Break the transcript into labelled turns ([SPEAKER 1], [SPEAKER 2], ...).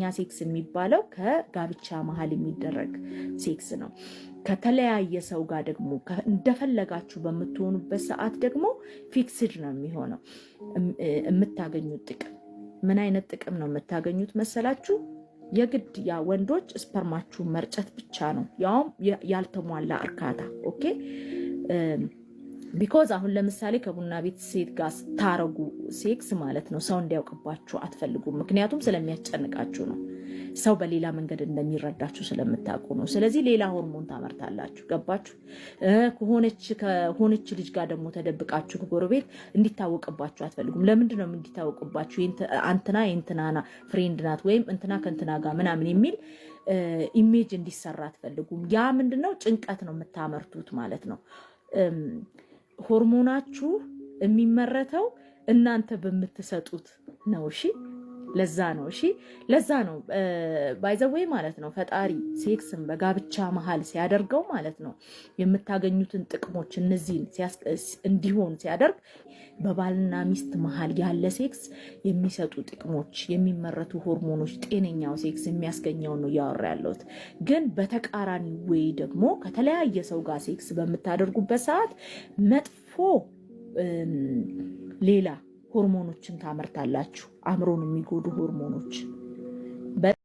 [SPEAKER 1] ኛ ሴክስ የሚባለው ከጋብቻ መሀል የሚደረግ ሴክስ ነው። ከተለያየ ሰው ጋር ደግሞ እንደፈለጋችሁ በምትሆኑበት ሰዓት ደግሞ ፊክስድ ነው የሚሆነው። የምታገኙት ጥቅም ምን አይነት ጥቅም ነው የምታገኙት መሰላችሁ? የግድ ያ ወንዶች ስፐርማችሁ መርጨት ብቻ ነው፣ ያውም ያልተሟላ እርካታ ኦኬ ቢኮዝ አሁን ለምሳሌ ከቡና ቤት ሴት ጋር ስታረጉ ሴክስ ማለት ነው ሰው እንዲያውቅባችሁ አትፈልጉም። ምክንያቱም ስለሚያስጨንቃችሁ ነው። ሰው በሌላ መንገድ እንደሚረዳችሁ ስለምታውቁ ነው። ስለዚህ ሌላ ሆርሞን ታመርታላችሁ። ገባችሁ? ከሆነች ከሆነች ልጅ ጋር ደግሞ ተደብቃችሁ ከጎረቤት እንዲታወቅባችሁ አትፈልጉም። ለምንድን ነው እንዲታወቅባችሁ? አንትና የእንትናና ፍሬንድ ናት ወይም እንትና ከእንትና ጋር ምናምን የሚል ኢሜጅ እንዲሰራ አትፈልጉም። ያ ምንድነው? ጭንቀት ነው የምታመርቱት ማለት ነው። ሆርሞናችሁ የሚመረተው እናንተ በምትሰጡት ነው። እሺ ለዛ ነው እሺ፣ ለዛ ነው ባይዘወይ ማለት ነው ፈጣሪ ሴክስን በጋብቻ መሀል ሲያደርገው ማለት ነው የምታገኙትን ጥቅሞች እነዚህን እንዲሆን ሲያደርግ በባልና ሚስት መሀል ያለ ሴክስ የሚሰጡ ጥቅሞች፣ የሚመረቱ ሆርሞኖች፣ ጤነኛው ሴክስ የሚያስገኘው ነው እያወራ ያለሁት። ግን በተቃራኒ ወይ ደግሞ ከተለያየ ሰው ጋር ሴክስ በምታደርጉበት ሰዓት መጥፎ ሌላ ሆርሞኖችን ታመርታላችሁ፣ አእምሮን የሚጎዱ ሆርሞኖች